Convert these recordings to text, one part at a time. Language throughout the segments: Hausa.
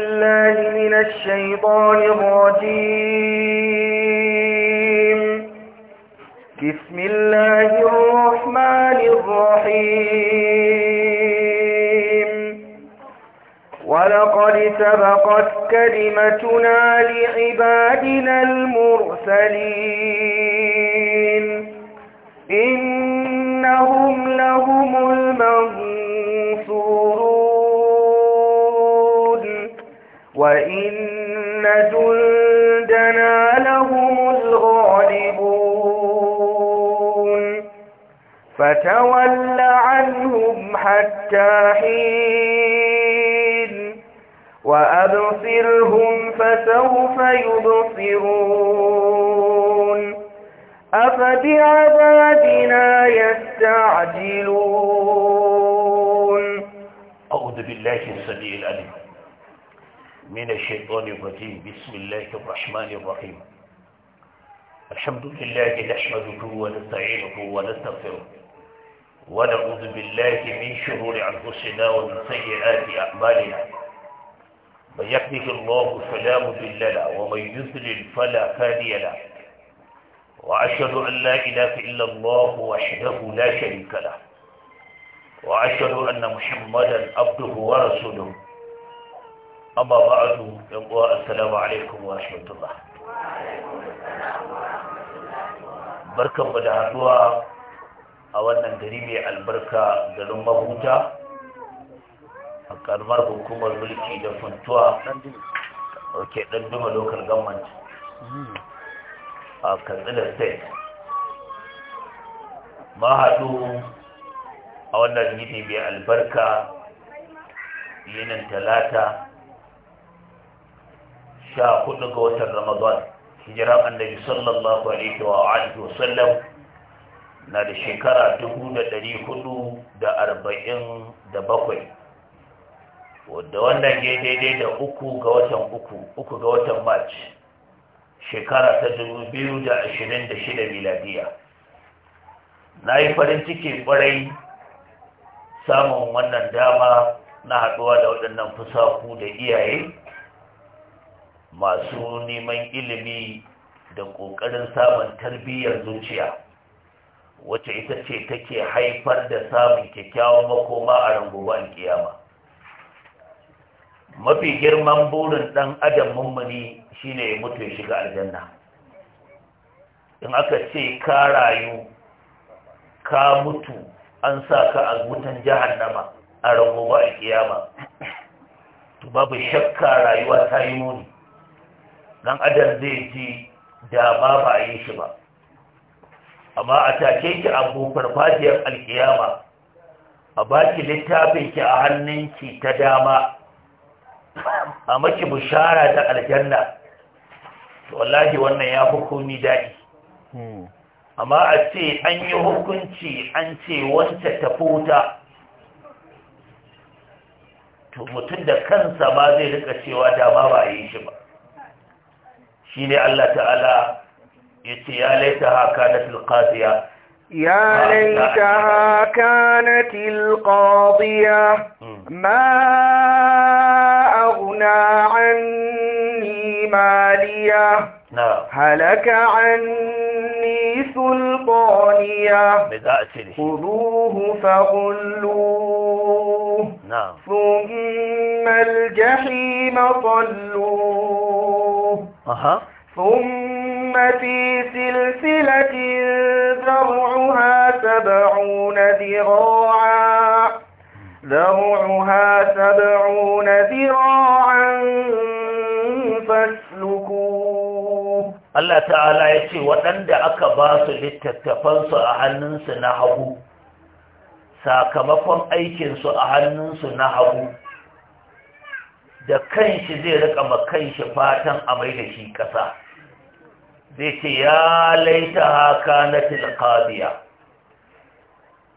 الله من الشيطان الرجيم بسم الله الرحمن الرحيم ولقد سبقت كلمتنا لعبادنا المرسلين إنهم لهم المنصورون وإن جندنا لهم الغالبون فتول عنهم حتى حين وأبصرهم فسوف يبصرون أفبعذابنا يستعجلون أعوذ بالله السميع العليم من الشيطان الرجيم بسم الله الرحمن الرحيم الحمد لله نحمده ونستعينه ونستغفره ونعوذ بالله من شرور انفسنا ومن سيئات اعمالنا من يهده الله فلا مضل له ومن يضلل فلا هادي له واشهد ان لا اله الا الله وحده لا شريك له واشهد ان محمدا عبده ورسوله amma ba'adu yan uwa assalamu alaikum wa rahmatullah barkanmu da haduwa a wannan gari mai albarka garin mahuta a karamar hukumar mulki da funtuwa ke dan duma lokar government a katsina state ma haɗu a wannan yini mai albarka yinin talata sha hudu ga watan ramadan hijiran annabi sallallahu alaihi wa alihi wasallam na da shekara dubu da ɗari hudu da arba'in da bakwai wadda wannan ya daidai da uku ga watan uku uku ga watan march shekara ta dubu biyu da ashirin da shida miladiya na yi farin ciki kwarai samun wannan dama na haɗuwa da waɗannan fusaku da iyaye masu neman ilimi da ƙoƙarin samun tarbiyyar zuciya wacce ita ce take haifar da samun kyakkyawan makoma a rangoban kiyama mafi girman burin ɗan adam mummuni shine ya mutu ya shiga aljanna in aka ce ka rayu ka mutu an sa ka a wutan jahannama a rangoban kiyama to babu shakka rayuwa ta yi muni dan adam zai ji da ba a yi shi ba amma a take ki farfajiyar alkiyama a baki littafin ki a hannunki ta dama a maki bishara ta aljanna to wallahi wannan ya hukumi daɗi hmm. amma a ce an yi hukunci an ce wancan ta futa to mutum da kansa ma zai rika cewa dama ba a yi shi ba شيني الله تعالى yace ليتها كانت القاضية يا ليتها كانت القاضية ما أغنى عني مالية نعم. هلك عني سلطانية خذوه فغلوه نعم. ثم الجحيم طلوه أها ثم في سلسلة ذرعها سبعون ذراعا ذرعها سبعون ذراعا فاسلكوه الله تعالى يتي وأند أكباس للتتفنص أهننس نحبو sakamakon aikinsu a hannunsu na hagu da kanshi zai rika ma kanshi fatan a mai da shi ƙasa zai ce ya laita haka na tilkabiya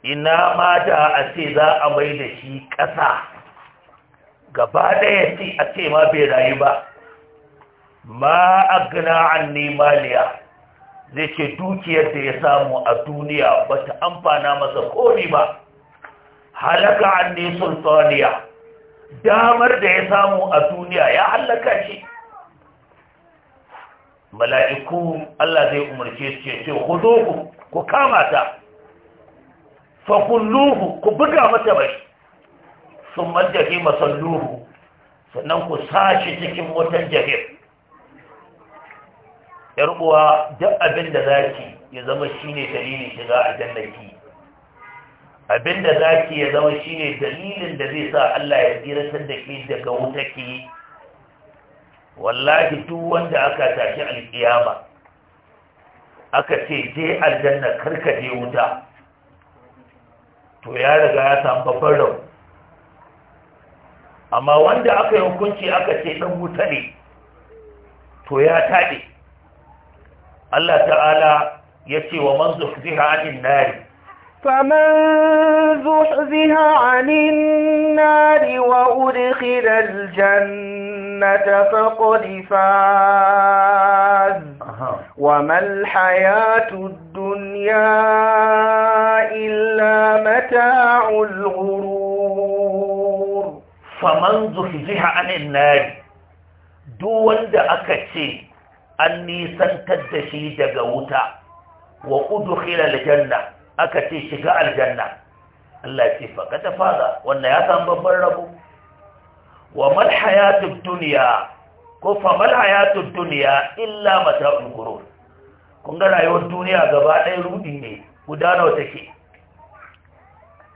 ina mata a ce za a mai da shi ƙasa gaba ɗaya ce a ce ma bai rayu ba ma gina an nemaliya zai ce dukiyar da ya samu a duniya ba ta amfana masa kori ba halaka an ne sultaniya damar da ya samu a duniya ya hallaka shi mala'iku Allah zai umarce su ce ku ku kama ta fa kulluhu ku buga mata bai sun majahi masalluhu sannan ku sashi cikin wutan jahim yar uwa duk abin da zaki ya zama shine dalilin shiga aljannaki Abin abinda zaki ya zama shine dalilin da zai sa Allah ya tsiratar da ke daga wuta ke wallahi duk wanda aka tashi alƙiyama aka ce je aljanna karka je wuta to ya riga ya samu babban rau amma wanda aka yi hukunci aka ce dan wuta ne to ya taɗe Allah ta'ala ya ce wa man zuhziha nari فمن زحزها عن النار وأدخل الجنة فقد فاز وما الحياة الدنيا إلا متاع الغرور فمن زحزها عن النار دون دا أكتشي أني سنتدشي دقوتا وأدخل الجنة aka ce shiga aljanna Allah ce ta fada wannan ya san babban rabo wa mal hayatud dunya ko fa mal hayatud dunya illa mata'ul ghurur kun ga rayuwar duniya gaba ɗaya rudi ne guda nawa take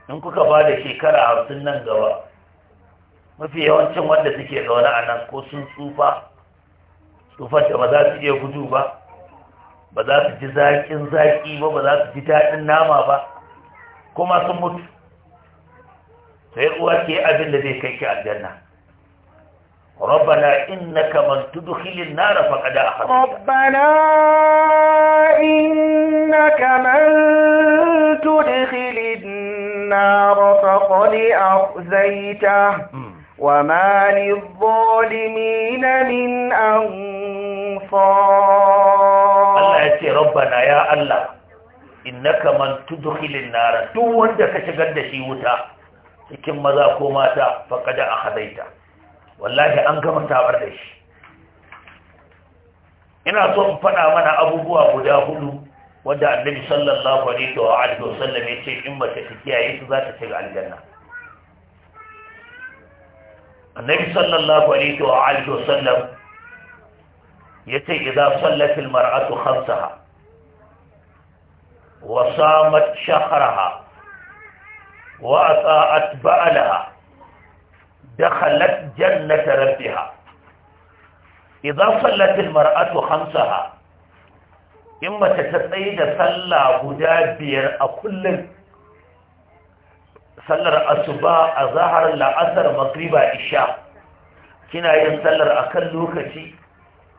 in kuka ba da shekara 50 nan gaba mafi yawancin wanda suke zaune a nan ko sun tsufa tsufar da ba za su iya gudu ba ba za su ji zaƙin zaƙi ba ba za su ji daɗin nama ba kuma sun mutu sai uwa ke abin da zai kai ki aljanna ربنا إنك من تدخل النار فقد أخذت ربنا إنك من تدخل النار فقد أخزيته وما للظالمين من أنصار الله يتي ربنا يا الله إنك من تدخل النار دو وندك شغد شيوتا cikin maza ko mata faƙada a hadaita wallahi an gama tabar da shi ina so in faɗa mana abubuwa guda hudu wanda annabi sallallahu alaihi wa alihi ya ce in mace ta kiyaye su za ta shiga aljanna النبي صلى الله عليه وآله وسلم يتي إذا صلت المرأة خمسها وصامت شهرها وأطاعت بعلها دخلت جنة ربها إذا صلت المرأة خمسها إما تتقيد صلى بدا بير sallar asuba a zahar la'asar magriba isha kina yin sallar a kan lokaci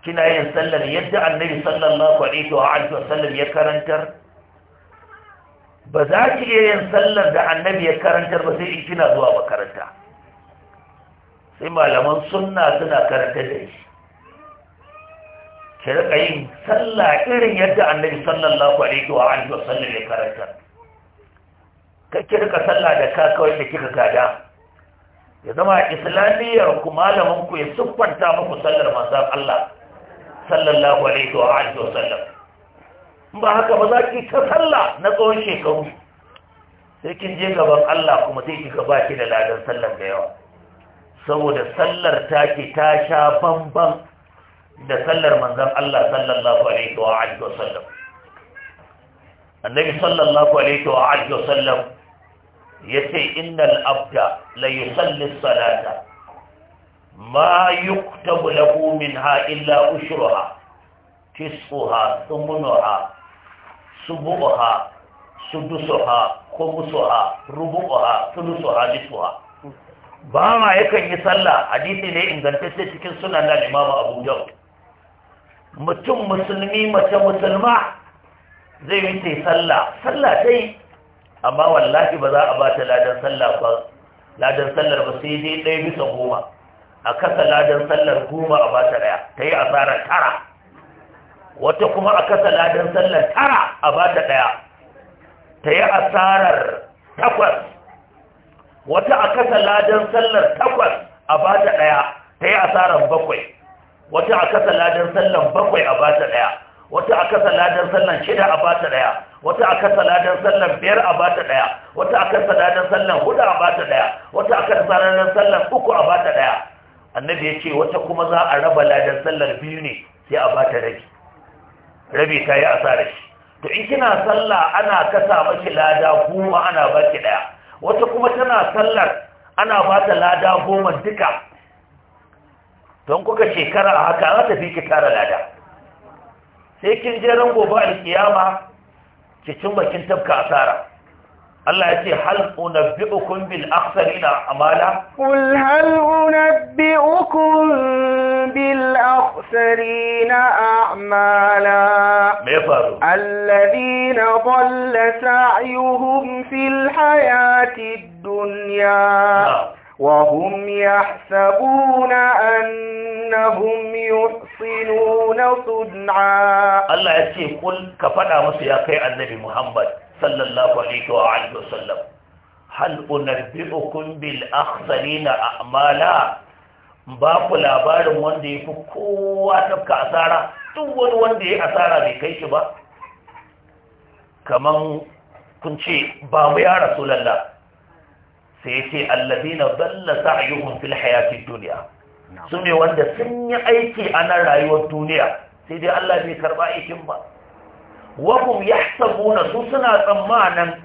kina yin sallar yadda annabi sallallahu alaihi wa alihi wasallam ya karantar ba za ki iya yin sallar da annabi ya karantar ba sai in kina zuwa makaranta sai malaman sunna suna karantar da shi ki rika yin sallah irin yadda annabi sallallahu alaihi wa alihi wasallam ya karantar kake rika sallah da ka kawai da kika gada ya zama islamiyyar ku malamin ku ya siffanta muku sallar manzon Allah sallallahu alaihi wa alihi wa sallam ba haka ba za ki ta sallah na tsawon shekaru sai kin je gaban Allah kuma sai kika ba ki da ladan sallar da yawa saboda sallar ki ta sha bamban da sallar manzon Allah sallallahu alaihi wa alihi wa sallam annabi sallallahu alaihi wa alihi wa sallam yace innal abda la Sallin salata ma yuktabu lahu ha illa ushruha tisquha thumnuha subuha sudusuha khumsuha ha thulusuha ha ba ma yakan yi sallah hadisi ne ingantacce cikin suna na limama abu yau mutum musulmi mace musulma zai yi ta sallah sallah ta amma wallahi ba za a ba ta ladan sallah ba ladan sallar ba sai dai ɗaya bisa goma a kasa ladan sallar goma a ba ta ɗaya ta yi asara tara wata kuma a kasa ladan sallar tara a ba ta ɗaya ta yi asarar takwas wata a kasa ladan sallar takwas a ba ta ɗaya ta yi asarar bakwai wata a kasa ladan sallar bakwai a ba ta ɗaya wata a kasa ladan sallar shida a ba ta ɗaya wata a kan ladan sallan biyar a bata daya wata a kan ladan sallan hudu a bata daya wata a kan ladan sallan uku a bata daya annabi ya ce wata kuma za a raba ladan sallar biyu ne sai a bata rabi rabi ta yi asarar shi to in kina sallah ana kasa maki lada goma ana baki daya wata kuma tana sallar ana bata lada goma duka don kuka shekara a haka za ta fi ki tara lada sai kin je rango ba alkiyama cikin bakin tafka asara Allah ya ce hal unabbi'ukum bil akhsarina amala qul hal unabbi'ukum bil akhsarina a'mala me faru alladhina dhalla sa'yuhum fil hayati dunya وهم يحسبون أنهم يحصنون صنعا الله يتي قل كفنا مسياقي النبي محمد صلى الله عليه وآله وسلم هل أنبئكم بالأخسرين أعمالا ba ku labarin wanda ya fi kowa tafka asara duk wani wanda ya asara bai kai shi ba kaman kun ce ba mu ya rasu lalla sai ya ce allazina dalla sa'yuhum fil hayatid dunya su wanda sun yi aiki a nan rayuwar duniya sai dai Allah bai karba aikin ba wa hum yahsabuna su suna tsammanin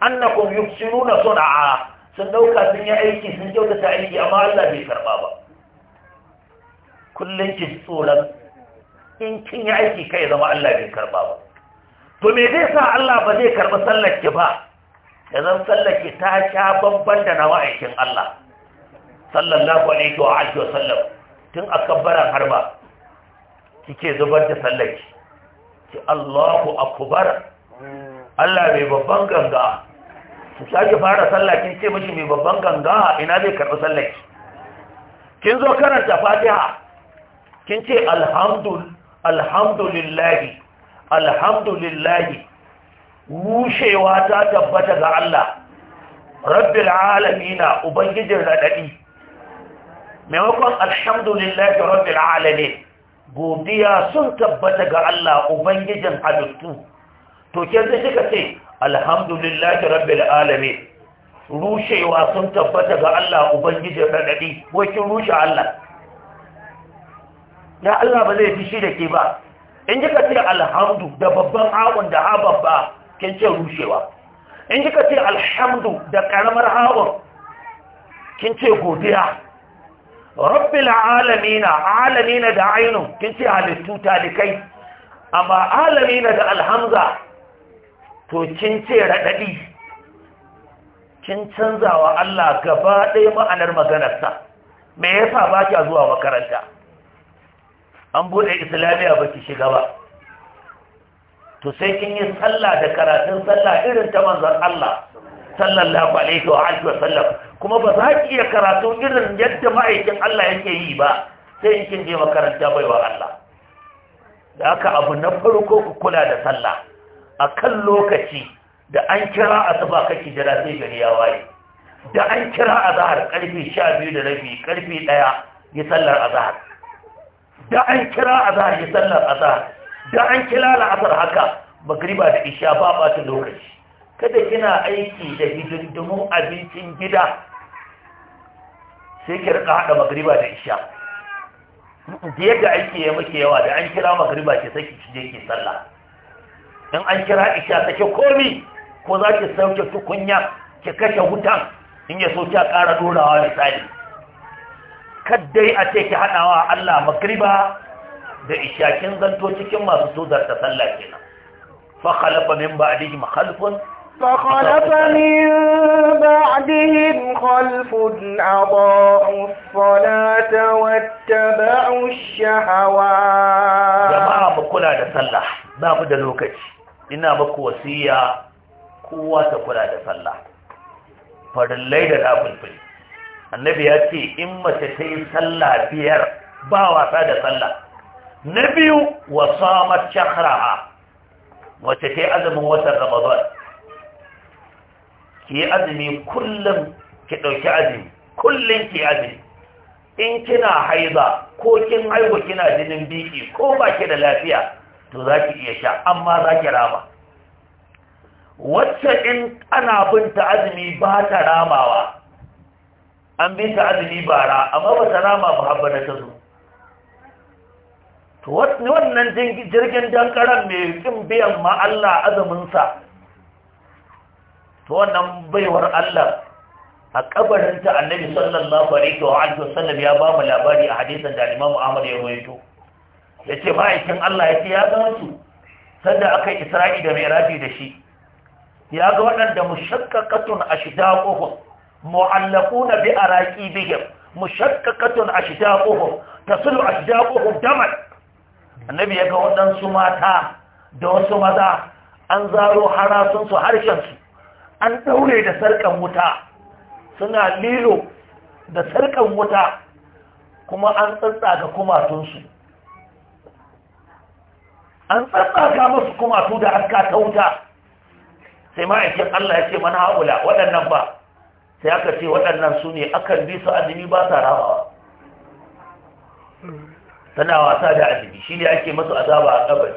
annakum yufsinuna sun'a sun dauka sun yi aiki sun kyautata aiki amma Allah bai karba ba kullun ki tsoron in kin yi aiki kai zama Allah bai karba ba to me zai sa Allah ba zai karba sallar ki ba Kazan sallaki ta sha bamban da na ma'aikin Allah sallallahu alaihi wa alihi wa sallam tun a kabbaran harba kike zubar da sallaki ki Allahu akbar Allah mai babban ganga ki sake fara sallah ce mashi mai babban ganga ina zai karɓi sallaki kin zo karanta Fatiha kin ce alhamdul alhamdulillahi alhamdulillahi Rushewa ta tabbata ga Allah rabbil alamina ubangijin radadi maimakon alhamdulillah rabbil alamin godiya sun tabbata ga Allah ubangijin halittu to kenzu kika ce alhamdulillah rabbil alamin rushewa sun tabbata ga Allah ubangijin radadi kin rushe Allah ya Allah ba zai fi shi da ke ba in kika ce alhamdu da babban abun da ha babba kin ce rushewa in kika ce alhamdu da karamar hawa kin ce godiya rabbil alamina alamina da ainun kin ce halittu talikai amma alamina da alhamza to kin ce raɗaɗi kin canzawa Allah gaba ɗaya ma'anar maganarsa me yasa ba zuwa makaranta an buɗe islamiyya baki shiga ba to sai kin yi sallah da karatun sallah irin ta manzan Allah sallallahu alaihi wa alihi wa sallam kuma ba za ki iya karatu irin yadda ma'aikin Allah yake yi ba sai in kin je makaranta baiwa Allah da haka abu na farko ku kula da sallah A kan lokaci da an kira asuba kake jira sai gari ya waye da an kira zahar karfi 12 da rabi karfi 1 yi sallar azahar. da an kira zahar yi sallar azhar da an kila la'asar haka magriba da isha ba ta lokaci kada kina aiki da hidindimun abincin gida sai ki rika haɗa magriba da isha da yadda aiki ya muke yawa da an kira magriba ki saki ki je ki sallah in an kira isha sake komi ko za ki sauke tukunya ki kashe wutan in ya so ki ƙara dorawa misali kaddai a ce ki haɗawa Allah magriba da ishakin zanto cikin masu tuzarta sallah tsalla ke nan fakhalafa min ba a dihi mahalfun fakhalafa min ba a dihi mahalfun a ba a falata wata ba a kula da tsalla ba ku da lokaci ina ba ku kowa ta kula da tsalla farillai da ɗafulfuri annabi ya ce in mace ta yi tsalla biyar ba wasa da tsalla na biyu wa samar shahraha wacce ta yi azumin watan ramadan ki yi azumi kullum ki ɗauki azumi kullum ki azumi in kina haiza ko kin haihu kina jinin biki ko ba ki da lafiya to za ki iya sha amma za ki rama wacce in ana bin ta azumi ba ta ramawa an bin ta azumi bara amma ba ta rama ba habba ta zo to wannan jirgin dankaran mai kin biyan ma Allah azuminsa to wannan baiwar Allah a kabarinta annabi sallallahu alaihi wa alihi wasallam ya ba mu labari a hadisan da Imam Ahmad ya rawaito yace ma'aikin Allah yace ya ga su sanda akai Isra'i da Mi'raji da shi ya ga waɗanda mushaqqaqatun ashdaquhum mu'allaquna bi araqibihim mushaqqaqatun ashdaquhum tasilu ashdaquhum daman annabi ya ga waɗansu mata da wasu maza an zaro harasunsu harshensu an ɗaure da sarƙan wuta suna lilo da sarƙan wuta kuma an ga kumatunsu an ga masu kumatu da aska ta wuta sai ma'aikin Allah ya ce mana haƙula waɗannan ba sai aka ce waɗannan su ne akan bi su azumi ba sa rawawa tana wasa da asibi shi ne ake masu azaba a kabari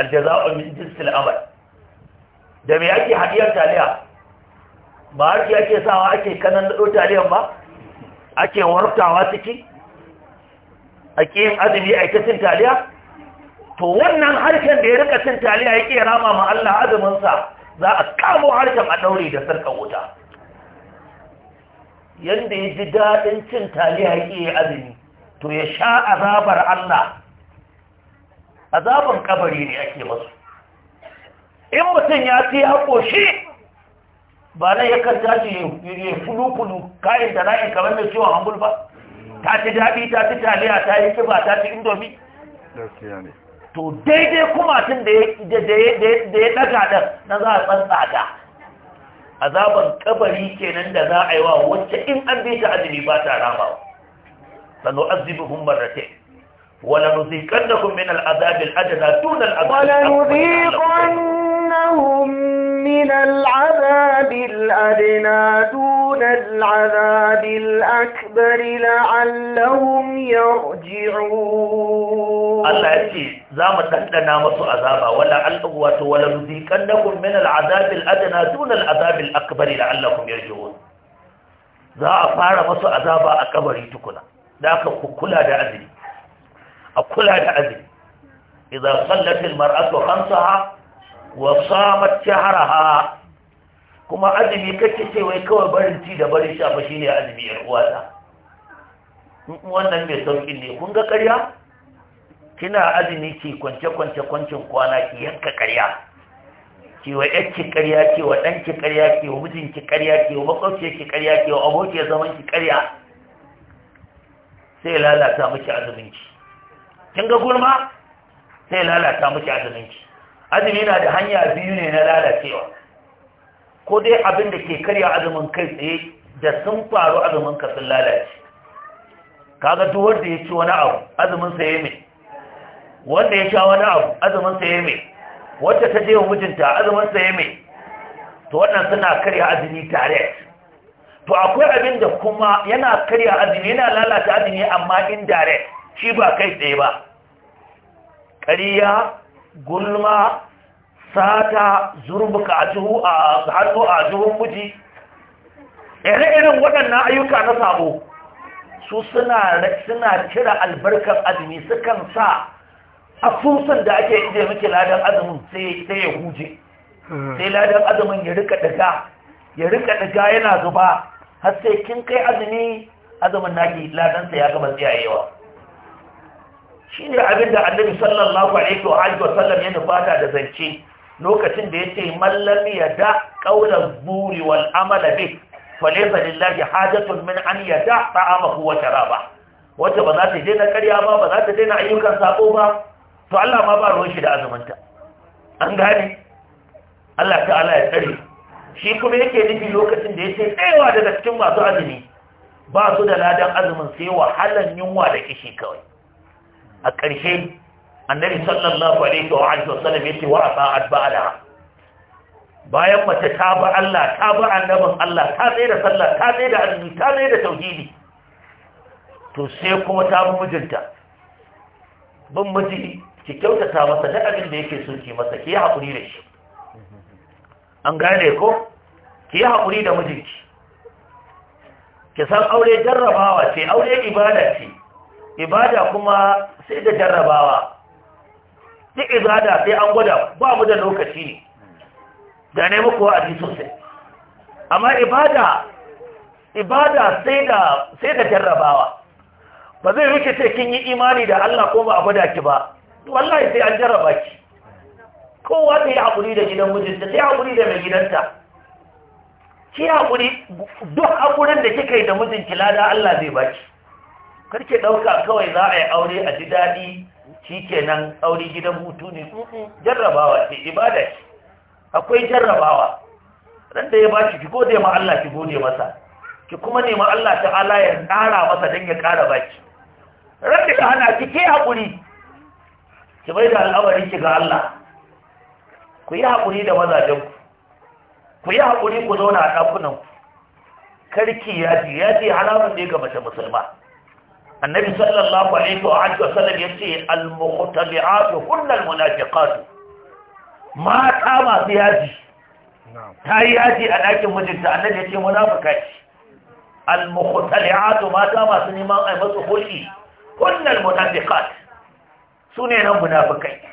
aljaza'u min jinsil da me ake hadiyar taliya ba har ake sawa ake kanan da taliyan ba ake wartawa ciki ake yin azumi a ita cin taliya to wannan harshen da ya rika cin taliya yake rama ma Allah azuminsa za a kamo harshen a daure da sarkan wuta yanda ya ji daɗin cin taliya yake azumi to ya sha azabar Allah azabar kabari ne ake masu in mutum ya ce ya ƙoshi ba na yakan tashi ya fulufulu kayan da na'in kamar mai ciwon hangul ba ta ci daɗi ta ci taliya ta yi kiba ta ci indomi to daidai kuma tun da ya ɗaga ɗan na za a tsantsata azabar kabari kenan da za a yi wa wacce in an bi ta azumi ba ta ramawa سنعذبهم مرتين ولنذيقنهم من العذاب الأدنى دون العذاب ولنذيقنهم من العذاب الأدنى دون العذاب الأكبر لعلهم يرجعون الله يأتي زام تهدنا مصر عذابا ولا ولا نذيقنكم من العذاب الأدنى دون العذاب الأكبر لعلهم يرجعون za a مصر عذابا أكبر a da aka kula da azumi a kula da azumi idan sallatin mar'atu khamsaha wa samat shahraha kuma azumi kake ce wai kawai barin ci da barin sha fa shine azumi yar uwata wannan mai sauki ne kun ga ƙarya kina azumi ki kwance kwance kwancin kwana ki yanka ƙarya ki wa yacci ƙarya ki wa ɗanki ƙarya ki wa mijinki ƙarya ki wa ki ƙarya ki wa abokiyar zaman ki ƙarya sai lalata miki azuminki kin ga gulma sai lalata miki azuminki azumi na da hanya biyu ne na lalacewa ko dai abin da ke karya azumin kai tsaye da sun faru azumin ka sun lalace kaga duk wanda ya ci wani abu azumin sa yayi mai wanda ya sha wani abu azumin sa yayi mai wacce ta je wa mijinta azumin sa yayi mai to wannan suna karya azumi tare to akwai abin da kuma yana karya azumi yana lalata azumi amma indirect shi ba kai tsaye ba ƙariya gulma sata zurbuka a jihu a hannu a zuhun muji ire waɗannan ayyuka na sabo su suna cire albarkar azumi su kan sa asusun da ake ije miki ladan azumin sai ya huje hmm. sai ladan azumin ya rika daga ya rika daga yana zuba har sai kin kai azumi azumin naki ladansa ya gaba tsayayewa shi ne abin da annabi sallallahu alaihi wa alihi wa sallam ya nufata da zance lokacin da yace mallam ya da qawlan buri wal amala bi laysa lillahi hajatun min an yada ta'amahu wa sharaba wata ba za ta daina ƙarya ba ba za ta daina ayyukan sako ba to Allah ma ba ruwan shi da azuminta an gane Allah ta'ala ya tsare shi kuma yake nufi lokacin da yake tsayawa daga cikin masu azumi ba su da ladan azumin sai wahalan yunwa da kishi kawai a ƙarshe annabi sallallahu alaihi wa alihi wasallam yace wa asa'at ba'da bayan mace ta ba Allah ta ba annabin Allah ta tsaye da sallah ta tsaye da azumi ta tsaye da tauhidi to sai kuma ta bi mijinta bin miji ki kyautata masa da abin da yake so ki masa ki haƙuri da shi an gane ko ki yi haƙuri da mijinki ki san aure jarrabawa ce aure ibada ce ibada kuma sai da jarrabawa duk ibada sai an gwada ba mu da lokaci ne da ne muku ji sosai amma ibada ibada da sai da jarrabawa ba zai wuce ce kin yi imani da Allah ko ba a gwada ki ba wallahi sai an jarraba ki kowa ta yi haƙuri da gidan mijinta ta yi haƙuri da mai gidanta ki haƙuri duk haƙurin da kika yi da mijinki lada Allah zai baki karke ɗauka kawai za a yi aure a ji daɗi shi kenan aure gidan hutu ne jarrabawa ce ibada ce akwai jarrabawa ran da ya baki ki gode ma Allah ki gode masa ki kuma nema Allah ta'ala ya ƙara masa don ya ƙara baki ran da ka hana ki ke haƙuri ki bai da al'amari ki ga Allah ku yi haƙuri da mazajenku. ku yi haƙuri ku zauna a ɗakunan karki ya ce ya ce halamun ne ga mace musulma annabi sallallahu alaihi wa alihi ya ce al-muqtali'atu hunna al-munafiqatu mata masu yaji ta yi yaji a ɗakin mijinta annabi yace munafika ce al-muqtali'atu mata masu neman ai masu hulki hunna al Su ne nan munafikai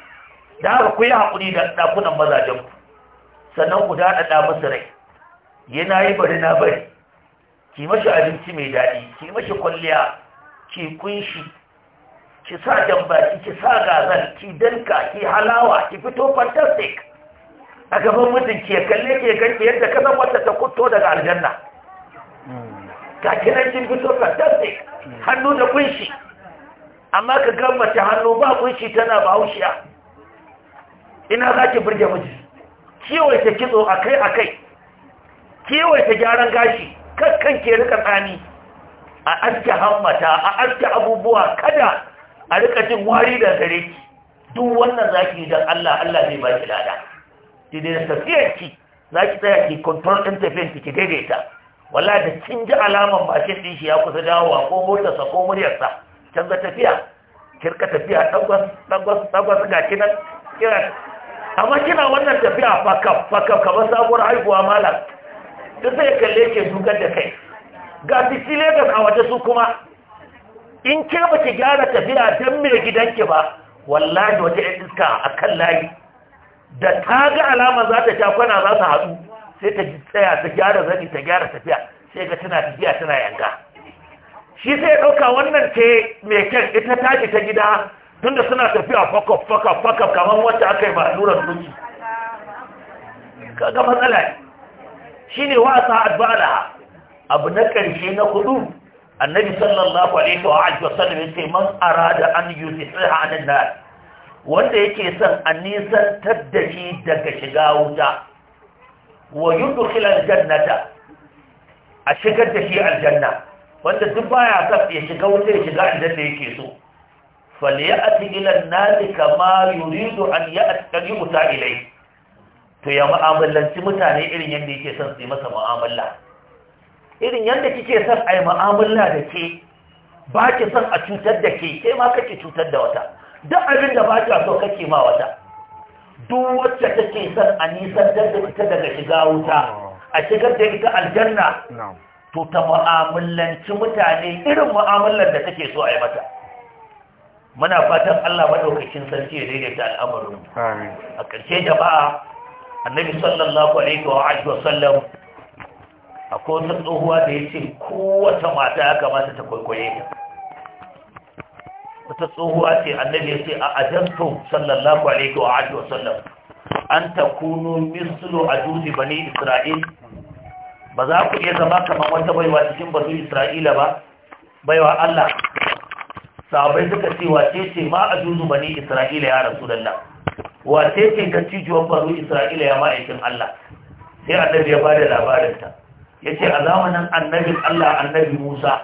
da haka ku yi haƙuri da ɗakunan mazajenku sannan ku daɗaɗa masa rai yana yi bari na bari ki mashi abinci mai daɗi ki mashi kwalliya ki kunshi ki sa jambaki ki sa gazal ki danka ki halawa ki fito fantastic a gaban mutum ke kalle ke ganke yadda ka san wata ta kuto daga aljanna ka kinan kin fito fantastic hannu da kunshi amma ka gammata hannu ba kunshi tana bahaushiya ina za ki burge miji kewaita kitso akai-akai kewaita gyaran gashi kakkan ke rika tsani a aske hammata a aske abubuwa kada a rika jin wari da gare ki duk wannan zaki dan Allah Allah zai ba ki lada ki da tafiyar ki zaki tsaya ki control din tafiyar ki daidaita wallahi da kin ji alaman mashin din shi ya kusa dawowa ko motarsa ko muryarsa canza tafiya kirka tafiya dagwas dagwas dagwas ga kinan kiran amma kina wannan tafiya fakaf fakaf kamar sabuwar haihuwa malam duk sai kalle ke dugar da kai ga fiti Legas a waje su kuma in ke ba ki gyara tafiya don mai ki ba wallahi waje ya iska a kan layi da ta ga alama za ta sha kwana za su haɗu sai ta tsaya ta gyara zani ta gyara tafiya sai ga tana tafiya tana yanga shi sai ya ɗauka wannan ce mai kyan ita tashi ta gida tunda suna tafiya fakaf fakaf fakaf kamar wata aka yi ba allurar kuki kaga matsala ne shine wasa adba'alaha abu na ƙarshe na kudu annabi sallallahu alaihi wa alihi wasallam yace man arada an yi yusiha anan nar wanda yake son a nisantar da shi daga shiga wuta wa yudkhil aljannata a shigar da shi aljanna wanda duk baya son ya shiga wuta ya shiga aljanna yake so falyati ila an-nasi kama yuridu an ya'ti yuta ilayhi to ya mu'amalanci mutane irin yanda yake son su yi masa mu'amala irin yanda kike son ai mu'amala da ke ba ki son a cutar da ke kai ma kake cutar da wata duk abin da ba ki so kake ma wata duk wacce take son a nisan da ita daga shiga wuta a shigar da ita aljanna to ta mu'amalanci mutane irin mu'amalar da take so a yi mata muna fatan Allah madaukakin sarki ya daidaita al'amarin a ƙarshe jama'a annabi sallallahu alaihi wa alihi wasallam ko wata tsohuwa da ya ce kowace mata ya kamata ta kwaikwaye ta wata tsohuwa ce annabi ya ce a ajantum sallallahu alaihi wa alihi wasallam an ta takunu mislu ajuzi bani isra'il ba za ku iya zama kamar wata baiwa cikin bani isra'ila ba baiwa Allah sahabai suka ce wace ce ma a juzu bani isra'ila ya rasu da wace ce ta cijiyar faru isra'ila ya ma'aikin allah sai annabi ya bada labarinta ya ce a zamanin Annabi allah annabi musa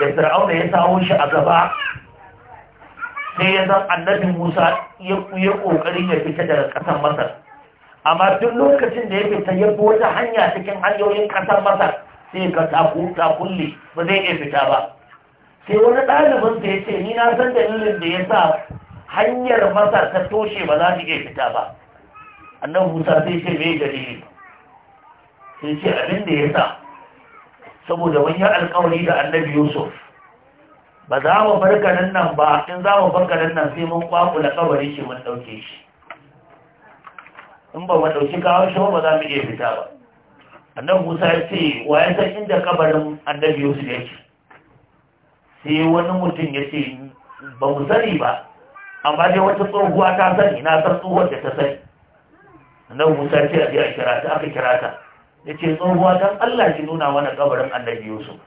da fir'auna ya sawo shi a gaba sai ya zan annabi musa ya kuye kokarin ya fita daga kasar masar amma duk lokacin da ya fita ya wata hanya cikin hanyoyin kasar masar sai ka ta kulle ba zai iya fita ba sai wani ɗalibin ya ce ni na san dalilin da ya sa hanyar masar ta toshe ba za su iya fita ba annan musa sai ce mai dalili sai ce abin da ya sa saboda wani alkawari da annabi yusuf ba za mu farka nan nan ba in za mu farka nan nan sai mun kwakula kawari shi mun ɗauke shi in ba mu ɗauki kawo shi ba za mu iya fita ba annan musa ya ce wa ya san inda kabarin annabi yusuf yake sai wani mutum ya ce ba mu sani ba amma dai wata tsohuwa ta sani na san tsohuwar da ta sani na musa ce a biya kira ta aka kira ta ya ce tsohuwa ta. allah ki nuna mana kabarin annabi yusuf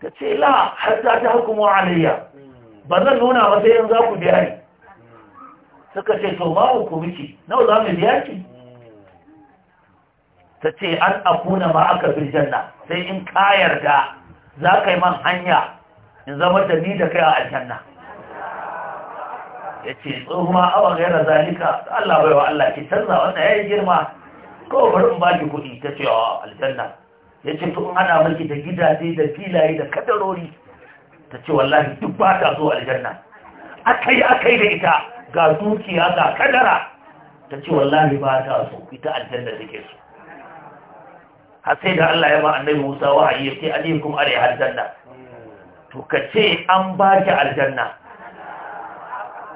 ta ce la har ta ta hukumu alayya ba zan nuna ba sai yanzu za ku biya ni suka ce to ba ku miki nawa za mu biya ki ta ce an akuna ma aka bi janna sai in ka yarda za ka yi man hanya in zama da ni da kai a aljanna ya ce tsohuwa awon yana zalika Allah baiwa Allah ke canza wannan ya yi girma kawai bari in baki kuɗi ta ce a aljanna ya ce to ana mulki da gidaje da filaye da kadarori ta ce wallahi duk ba ta zo aljanna akai akai da ita ga dukiya ga kadara ta ce wallahi ba ta zo ita aljanna take so har sai da Allah ya ba annabi Musa wahayi ya ce kuma alai aljanna to ka ce an ba ki aljanna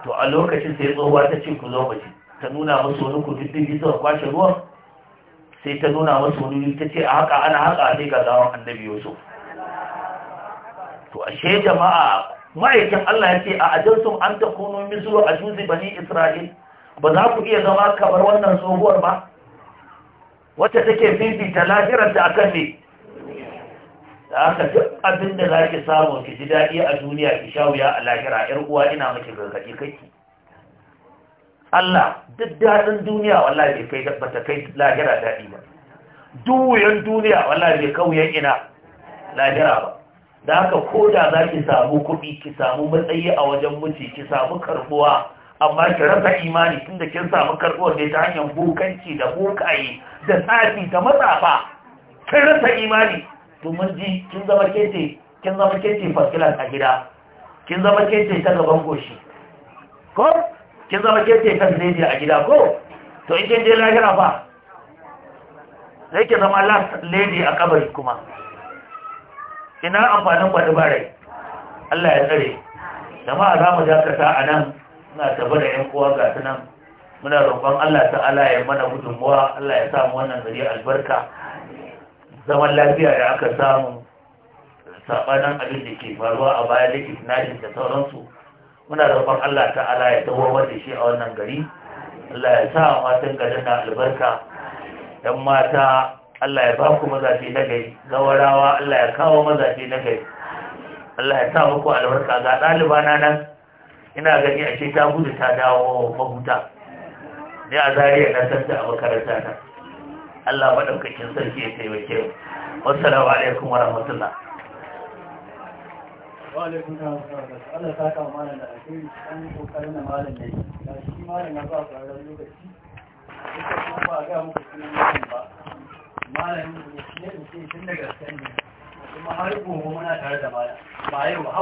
to a lokacin sai tsohuwa ta ce ku zo mace ta nuna musu wani ku diddifi suka kwashe ruwan sai ta nuna musu wani ta ce a haka ana haka sai ga zawon annabi yusuf to ashe jama'a ma'aikin Allah ya ce a ajarsun an ta kono misuwa a juzi bani isra'il ba za ku iya zama kamar wannan tsohuwar ba wata take fifita lahirarta akan ne da aka duk abin da za ki samu ki ji daɗi a duniya ki sha wuya a lahira ‘yar uwa ina miki gargaɗi kai Allah duk daɗin duniya wallahi bai kai bata kai lahira daɗi ba duk wuyan duniya wallahi bai kauyen ina lahira ba da haka koda za ki samu kuɗi ki samu matsayi a wajen miji ki samu karbuwa amma ki rasa imani tunda kin samu karɓuwar da ta hanyar bukanci da bukaye da tsafi da matsafa kin rasa imani to mun ji kin zama kete kin zama kece fasilan a gida kin zama kete ta gaban goshi ko kin zama kete ta zai a gida ko to in kin je lahira fa sai ki zama last lady a kabari kuma ina amfanin gwadabarai Allah ya tsare jama'a za mu dakata a nan muna tafi da yan kowa ga nan muna roƙon Allah ta'ala ya mana gudunmuwa Allah ya samu wannan gari albarka zaman lafiya da aka samu sabanin abin da ke faruwa a baya da tunajin da sauransu muna roƙon Allah ta'ala ya tawar da shi a wannan gari Allah ya sa matan garin na albarka yan mata Allah ya ba ku mazaje na gari gawarawa Allah ya kawo mazaje na gari Allah ya sa muku albarka ga ɗaliba na nan ina gani a ce ta gudu ta dawo mahuta ne a zariya na santa a makaranta ta. Allah maɗaukakin sarki ya taimake mu wassalamu alaikum wa rahmatullah wa alaikum Allah ta kama malam da alheri an kokarin da malam ne da shi malam ya ba ƙwararren lokaci kuma ba a ga muku sunan malam ba malam ne shi ne tun daga sani kuma har gobe muna tare da malam ba yau